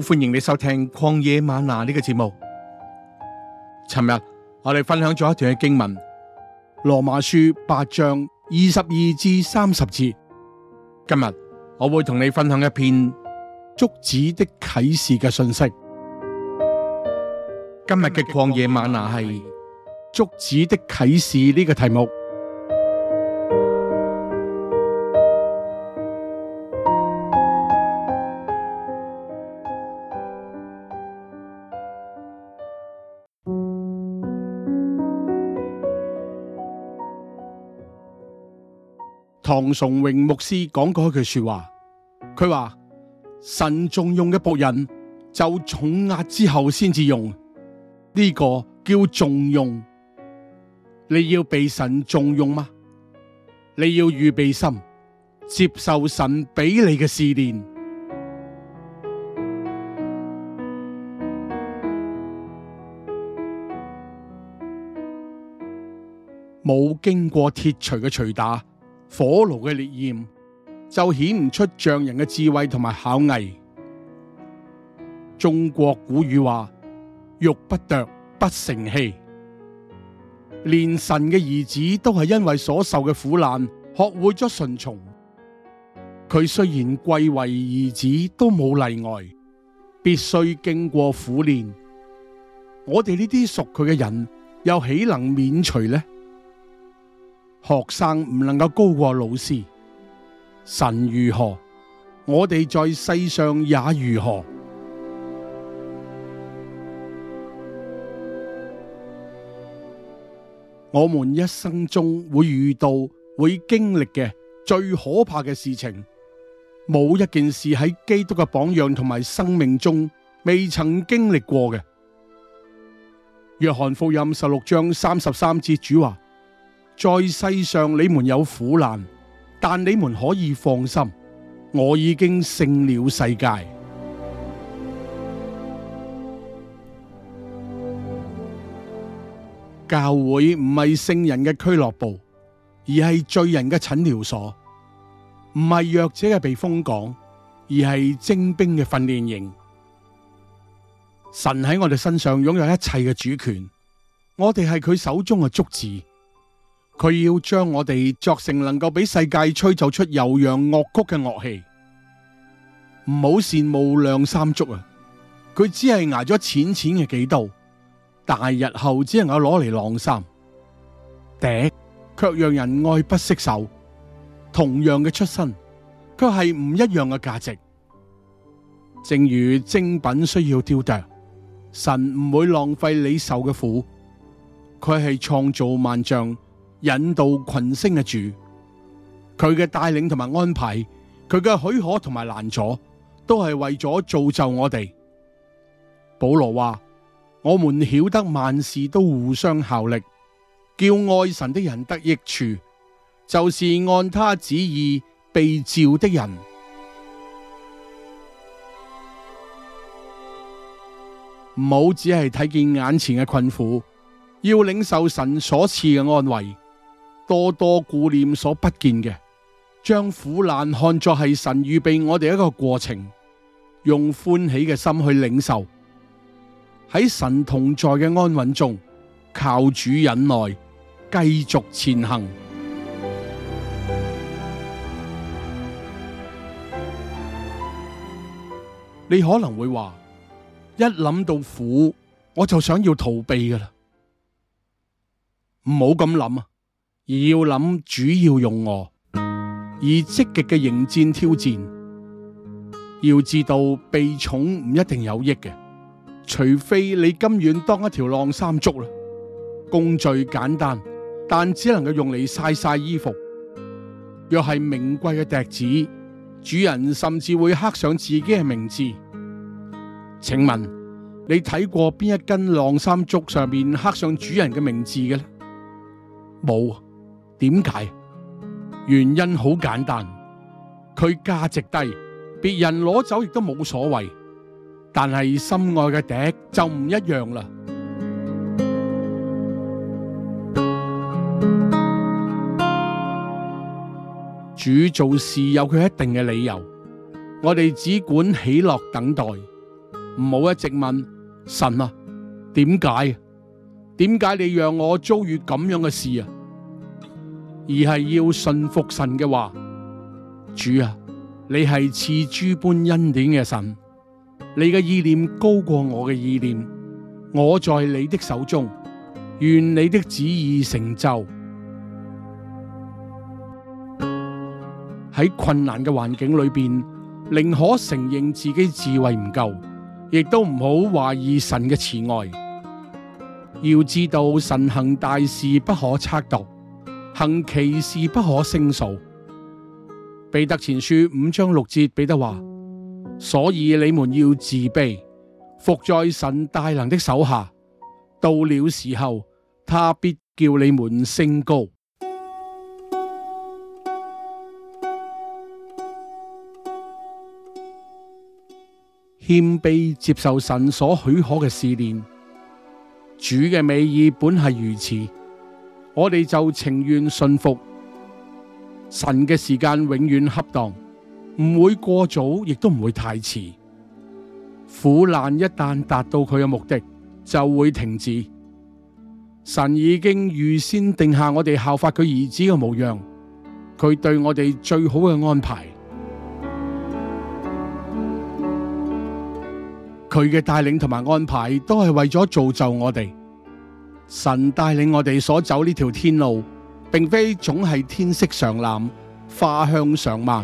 歡迎你收聽曠野嗎哪呢個節目。尋日我哋分享咗一段嘅經文《羅馬書》八章二十二至三十節。今日我會同你分享一篇竹子的啟示嘅信息。今日嘅曠野嗎哪係竹子的啟示呢個題目。唐崇榮牧師講過一句說話，佢話：神重用嘅僕人，就重壓之後先至用，呢個叫重用。你要被神重用嗎？你要預備心，接受神俾你嘅試煉。冇經過鐵錘嘅錘打。火爐嘅烈焰，就顯唔出匠人嘅智慧同埋巧藝。中國古語話：玉不琢不成器。連神嘅兒子都係因為所受嘅苦難，學會咗順從。佢雖然貴為兒子，都冇例外，必須經過苦練。我哋呢啲屬佢嘅人，又豈能免除呢？學生唔能夠高過老師，神如何，我哋在世上也如何。我們一生中會遇到、會經歷嘅最可怕嘅事情，冇一件事喺基督嘅榜樣同埋生命中未曾經歷過嘅。約翰福音十六章三十三節主，主話。在世上你們有苦難，但你們可以放心，我已經勝了世界。教會唔係聖人嘅俱樂部，而係罪人嘅診療所；唔係弱者嘅避風港，而係精兵嘅訓練營。神喺我哋身上擁有一切嘅主權，我哋係佢手中嘅竹子。佢要將我哋作成能夠俾世界吹奏出悠揚樂曲嘅樂器，唔好羨慕晾衫竹啊！佢只係挨咗淺淺嘅幾刀，但係日後只能夠攞嚟晾衫，笛卻讓人愛不釋手。同樣嘅出身，卻係唔一樣嘅價值。正如精品需要雕琢，神唔會浪費你受嘅苦，佢係創造萬象。引導群星嘅主，佢嘅帶領同埋安排，佢嘅許可同埋攔阻，都係為咗造就我哋。保羅話：我們曉得萬事都互相效力，叫愛神的人得益處，就是按他旨意被召的人。唔好只係睇見眼前嘅困苦，要領受神所賜嘅安慰。多多顧念所不見嘅，將苦難看作係神預備我哋一個過程，用歡喜嘅心去領受，喺神同在嘅安穩中，靠主忍耐，繼續前行。你可能會話，一諗到苦，我就想要逃避噶啦，唔好咁諗啊！而要諗主要用我，而積極嘅迎戰挑戰，要知道被寵唔一定有益嘅，除非你甘願當一條晾衫竹啦。工序簡單，但只能夠用嚟曬曬衣服。若係名貴嘅笛子，主人甚至會刻上自己嘅名字。請問你睇過邊一根晾衫竹上面刻上主人嘅名字嘅咧？冇。點解？原因好簡單，佢價值低，別人攞走亦都冇所謂。但係心愛嘅笛就唔一樣啦。主做事有佢一定嘅理由，我哋只管喜樂等待，唔好一直問神啊，點解？點解你讓我遭遇咁樣嘅事啊？而係要信服神嘅話，主啊，你係賜諸般恩典嘅神，你嘅意念高過我嘅意念，我在你的手中，願你的旨意成就。喺困難嘅環境裏邊，寧可承認自己智慧唔夠，亦都唔好懷疑神嘅慈愛。要知道神行大事不可測度。行其事不可勝數。彼得前書五章六節，彼得話：所以你們要自卑，伏在神大能的手下。到了時候，他必叫你們升高。謙卑接受神所許可嘅試煉。主嘅美意本係如此。我哋就情願信服。神嘅時間永遠恰當，唔會過早，亦都唔會太遲。苦難一旦達到佢嘅目的，就會停止。神已經預先定下我哋效法佢兒子嘅模樣，佢對我哋最好嘅安排。佢嘅帶領同埋安排都係為咗造就我哋。神帶領我哋所走呢條天路，並非總係天色常藍、花香常漫，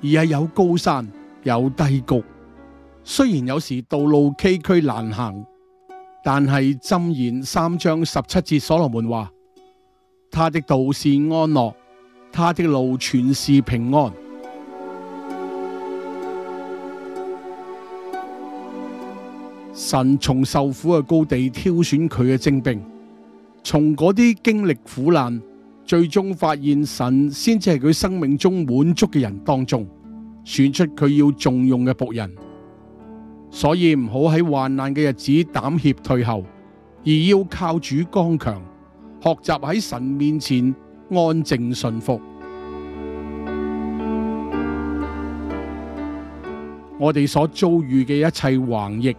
而係有高山有低谷。雖然有時道路崎嶇難行，但係箴言三章十七節所羅門話：他的道是安樂，他的路全是平安。神從受苦嘅高地挑選佢嘅精兵，從嗰啲經歷苦難最終發現神先至係佢生命中滿足嘅人當中，選出佢要重用嘅僕人。所以唔好喺患難嘅日子膽怯退後，而要靠主剛強，學習喺神面前安靜順服。我哋所遭遇嘅一切橫逆，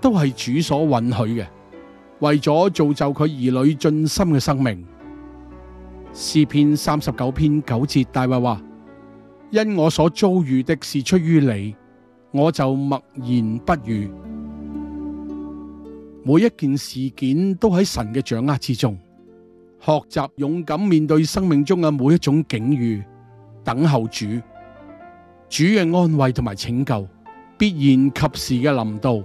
都係主所允許嘅，為咗造就佢兒女盡心嘅生命。詩篇三十九篇九節大衛話：因我所遭遇的事出於你，我就默然不語。每一件事件都喺神嘅掌握之中。學習勇敢面對生命中嘅每一種境遇，等候主，主嘅安慰同埋拯救必然及時嘅臨到。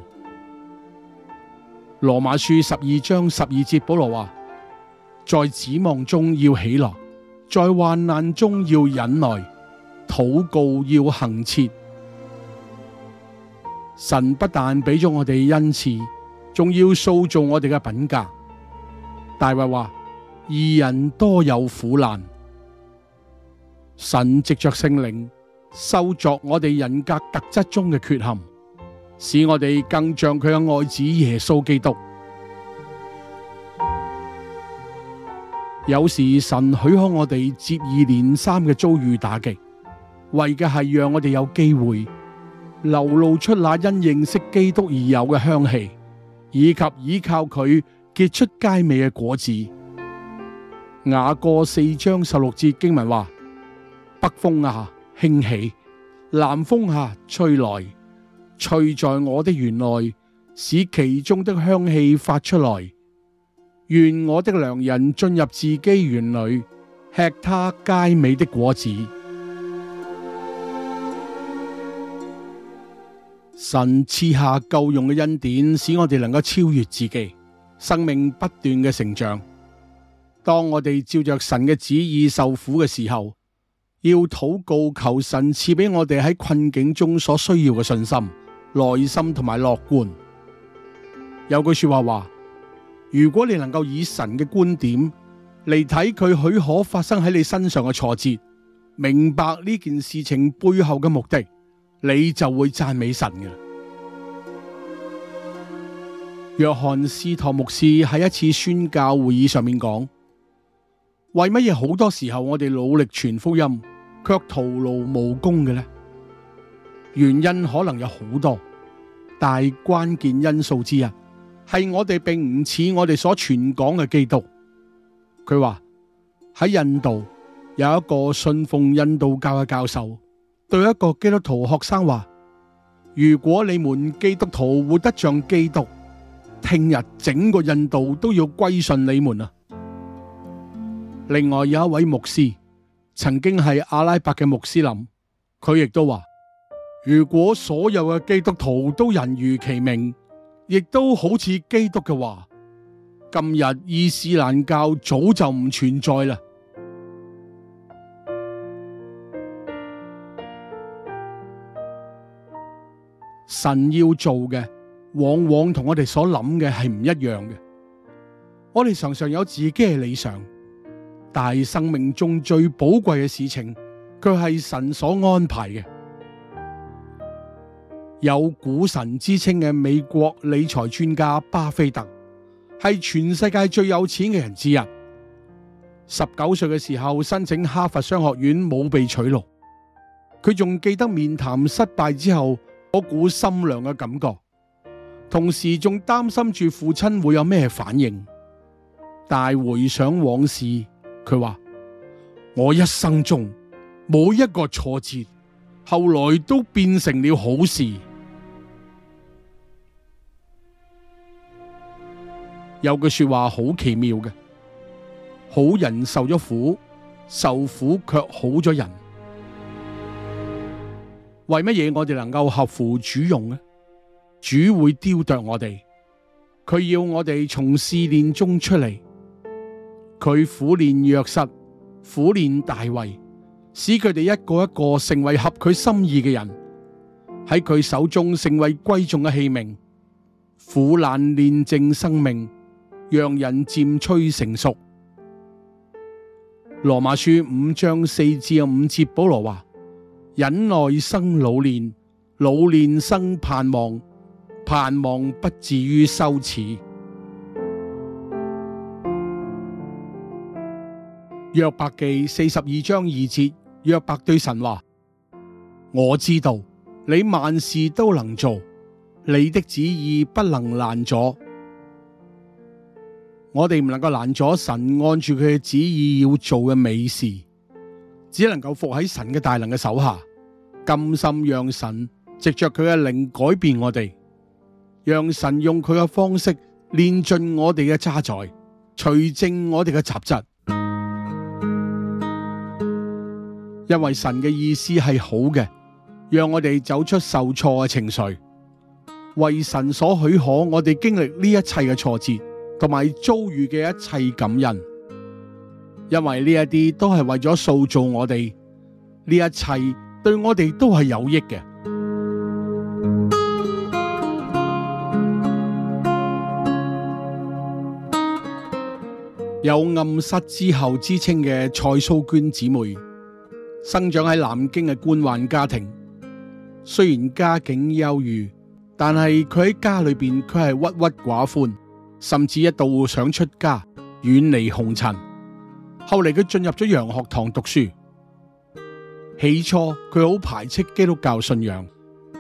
羅馬書十二章十二節保羅話：在指望中要喜樂，在患難中要忍耐，禱告要恆切。神不但俾咗我哋恩賜，仲要塑造我哋嘅品格。大衛話：二人多有苦難，神藉着聖靈修作我哋人格特質中嘅缺陷。使我哋更像佢嘅愛子耶穌基督。有時神許可我哋接二連三嘅遭遇打擊，為嘅係讓我哋有機會流露出那因認識基督而有嘅香氣，以及倚靠佢結出佳美嘅果子。雅歌四章十六節經文話：北風啊，興起；南風啊，吹來。吹在我的園內，使其中的香氣發出來。願我的良人進入自己園裏，吃他佳美的果子。神賜下夠用嘅恩典，使我哋能夠超越自己，生命不斷嘅成長。當我哋照着神嘅旨意受苦嘅時候，要禱告求神賜俾我哋喺困境中所需要嘅信心。耐心同埋樂觀。有句說話話：如果你能夠以神嘅觀點嚟睇佢許可發生喺你身上嘅挫折，明白呢件事情背後嘅目的，你就會讚美神嘅啦。約翰斯托牧師喺一次宣教會議上面講：為乜嘢好多時候我哋努力傳福音，卻徒勞無功嘅呢？」原因可能有好多，但係關鍵因素之一係我哋並唔似我哋所傳講嘅基督。佢話喺印度有一個信奉印度教嘅教授，對一個基督徒學生話：「如果你們基督徒活得像基督，聽日整個印度都要歸順你們啊！」另外有一位牧師，曾經係阿拉伯嘅穆斯林，佢亦都話。如果所有嘅基督徒都人如其名，亦都好似基督嘅話，今日伊斯蘭教早就唔存在啦。神要做嘅，往往同我哋所諗嘅係唔一樣嘅。我哋常常有自己嘅理想，但係生命中最寶貴嘅事情，卻係神所安排嘅。有股神之稱嘅美國理財專家巴菲特，係全世界最有錢嘅人之一。十九歲嘅時候申請哈佛商學院冇被取錄，佢仲記得面談失敗之後嗰股心涼嘅感覺，同時仲擔心住父親會有咩反應。但回想往事，佢話：我一生中每一個挫折，後來都變成了好事。有句說話好奇妙嘅，好人受咗苦，受苦卻好咗人。為乜嘢我哋能夠合乎主用呢？主會雕琢我哋，佢要我哋從試煉中出嚟，佢苦練約瑟，苦練大衛，使佢哋一個一個成為合佢心意嘅人，喺佢手中成為貴重嘅器皿，苦難煉淨生命，讓人漸趨成熟。羅馬書五章四至五節，保羅話：忍耐生老練，老練生盼望，盼望不至於羞恥。約伯記四十二章二節，約伯對神話：我知道你萬事都能做，你的旨意不能攔阻。」我哋唔能夠攔阻神按住佢嘅旨意要做嘅美事，只能夠服喺神嘅大能嘅手下，甘心讓神藉着佢嘅靈改變我哋，讓神用佢嘅方式練盡我哋嘅渣滓，除正我哋嘅雜質。因為神嘅意思係好嘅，讓我哋走出受挫嘅情緒，為神所許可，我哋經歷呢一切嘅挫折。同埋遭遇嘅一切感恩，因為呢一啲都係為咗塑造我哋呢一切，對我哋都係有益嘅。 有暗室之后之稱嘅蔡蘇娟姊妹，生長喺南京嘅官宦家庭，雖然家境優裕，但係佢喺家裏邊佢係鬱鬱寡歡。甚至一度想出家，遠離紅塵。後來佢進入咗洋學堂讀書，起初佢好排斥基督教信仰，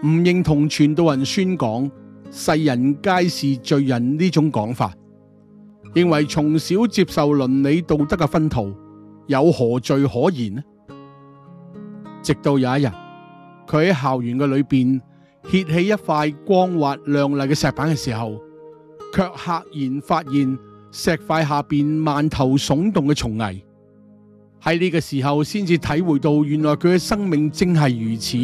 唔認同傳道人宣講世人皆是罪人呢種講法，認為從小接受倫理道德嘅熏陶，有何罪可言呢？直到有一日，佢喺校園嘅裏邊揭起一塊光滑亮麗嘅石板嘅時候。卻赫然發現石塊下邊萬頭聳動嘅蟲蟻。喺呢個時候先至體會到原來佢嘅生命正係如此。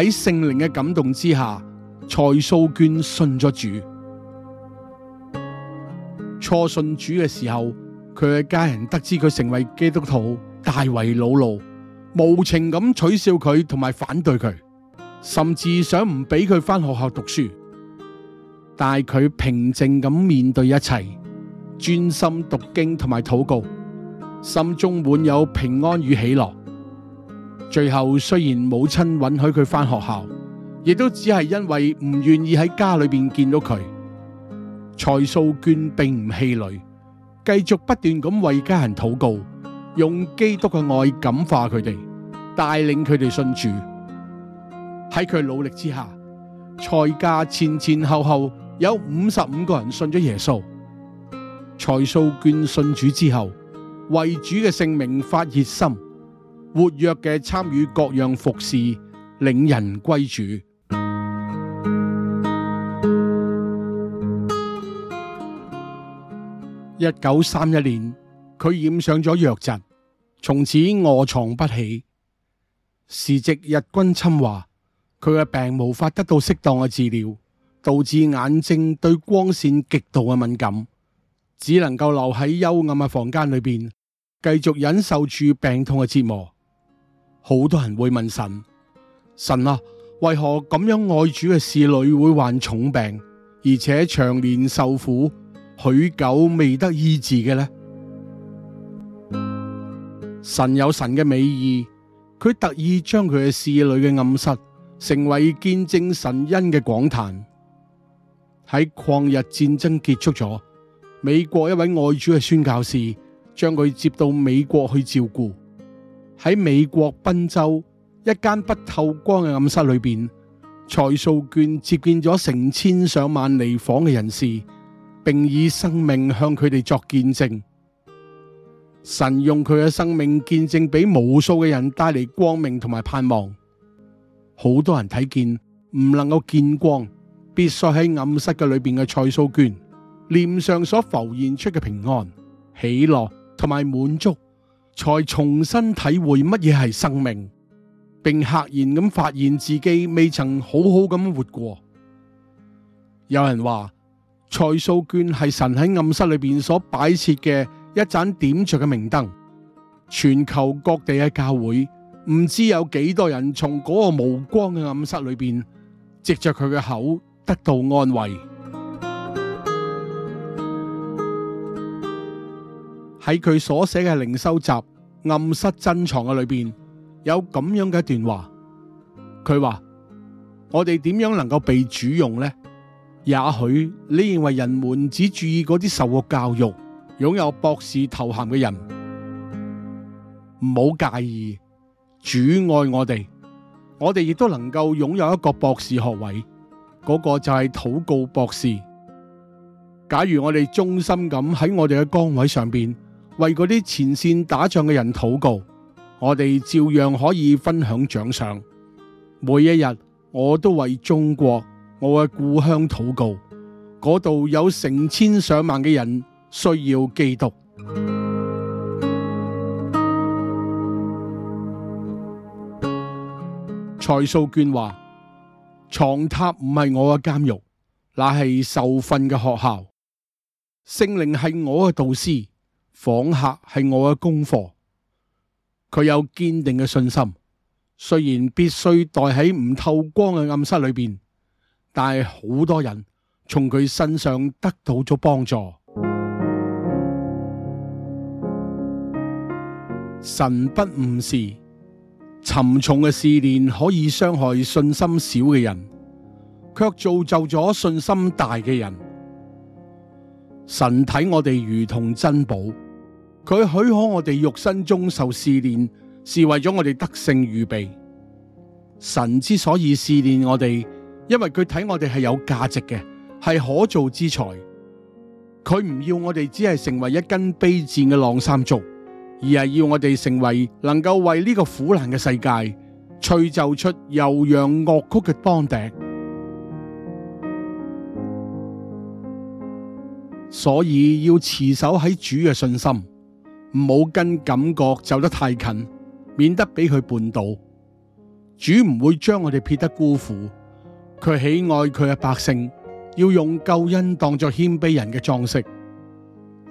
喺聖靈嘅感動之下，蔡素娟信咗主。初信主嘅時候，佢嘅家人得知佢成為基督徒，大為惱怒，無情咁取笑佢同埋反對佢，甚至想唔俾佢返學校讀書。但佢平靜咁面對一切，專心讀經同埋禱告，心中滿有平安與喜樂。最後雖然母親允許佢翻學校，亦都只係因為唔願意喺家裏邊見到佢。蔡素娟並唔氣餒，繼續不斷咁為家人禱告，用基督嘅愛感化佢哋，帶領佢哋信主。喺佢努力之下，蔡家前前後後，有五十五個人信咗耶穌，財素眷信主之後，為主嘅聖名發熱心，活躍嘅參與各樣服侍，領人歸主。一九三一年，佢染上咗瘧疾，從此卧床不起。時值日軍侵華，佢嘅病無法得到適當嘅治療。導致眼睛對光線極度嘅敏感，只能夠留喺幽暗嘅房間裏邊，繼續忍受住病痛嘅折磨。好多人會問神：神啊，為何咁樣愛主嘅侍女會患重病，而且長年受苦，許久未得醫治嘅呢？神有神嘅美意，佢特意將佢嘅侍女嘅暗室成為見證神恩嘅講壇。喺抗日戰爭結束咗，美國一位外主嘅宣教士將佢接到美國去照顧。喺美國賓州一間不透光嘅暗室裏邊，蔡蘇娟接見咗成千上萬嚟訪嘅人士，並以生命向佢哋作見證。神用佢嘅生命見證，俾無數嘅人帶嚟光明同埋盼望。好多人睇見唔能夠見光，必須喺暗室嘅裏邊嘅蔡蘇娟，臉上所浮現出嘅平安、喜樂同埋滿足，才重新體會乜嘢係生命，並愕然咁發現自己未曾好好咁活過。有人話蔡蘇娟係神喺暗室裏邊所擺設嘅一盞點着嘅明燈，全球各地嘅教會唔知有幾多人從嗰個無光嘅暗室裏邊，藉着佢嘅口，得到安慰，喺佢所寫嘅靈修集《暗室珍藏》嘅裏邊，有咁樣嘅一段話。佢話：我哋點樣能夠被主用呢？也許你認為人們只注意嗰啲受過教育、擁有博士頭銜嘅人，唔好介意。主愛我哋，我哋亦都能夠擁有一個博士學位。嗰、那個就係禱告博士。假如我哋忠心咁喺我哋嘅崗位上邊，為嗰啲前綫打仗嘅人禱告，我哋照樣可以分享獎賞。每一日我都為中國我嘅故鄉禱告，嗰度，有成千上萬嘅人需要基督。蔡 素娟話。床榻唔係我嘅監獄，那係受訓嘅學校。聖靈係我嘅導師，訪客係我嘅功課。佢有堅定嘅信心，雖然必須待喺唔透光嘅暗室裏邊，但係好多人從佢身上得到咗幫助。神不誤時。沉重嘅試煉可以傷害信心少嘅人，卻造就咗信心大嘅人。神睇我哋如同珍寶，佢許可我哋肉身中受試煉，是為咗我哋得勝預備。神之所以試煉我哋，因為佢睇我哋係有價值嘅，係可造之材。佢唔要我哋，只係成為一根卑賤嘅晾衫竹，而係要我哋成為能夠為呢個苦難嘅世界吹奏出悠揚樂曲嘅梆笛，所以要持守喺主嘅信心，唔好跟感覺走得太近，免得俾佢絆倒。主唔會將我哋撇得辜負，佢喜愛佢嘅百姓，要用救恩當作謙卑人嘅裝飾。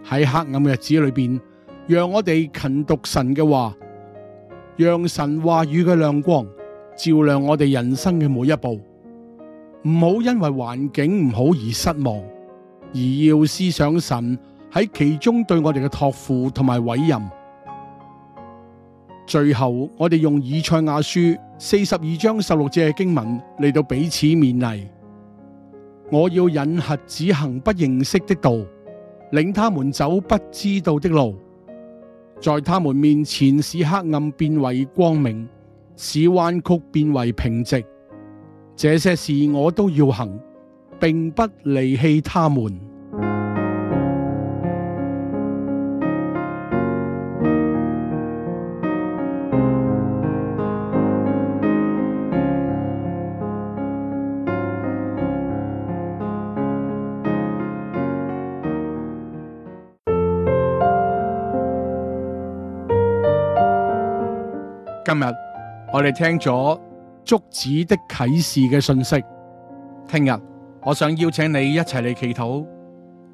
喺黑暗嘅日子裏邊，讓我哋勤讀神嘅話，讓神話語嘅亮光照亮我哋人生嘅每一步。唔好因為環境唔好而失望，而要思想神喺其中對我哋嘅託付同埋委任。最後，我哋用以賽亞書四十二章十六節嘅經文嚟到彼此勉勵。我要引瞎子行不認識的道，領他們走不知道的路。在他們面前，使黑暗變為光明，使彎曲變為平直，這些事我都要行，並不離棄他們。我哋聽咗竹子的啟示嘅信息，聽日我想邀請你一齊嚟祈禱，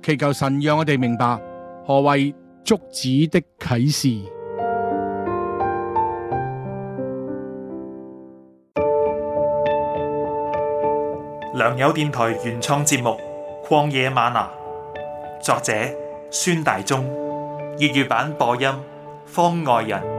祈求神讓我哋明白何謂竹子的啟示。良友電台原創節目《曠野嗎哪》，作者孫大中，粵語版播音方外人。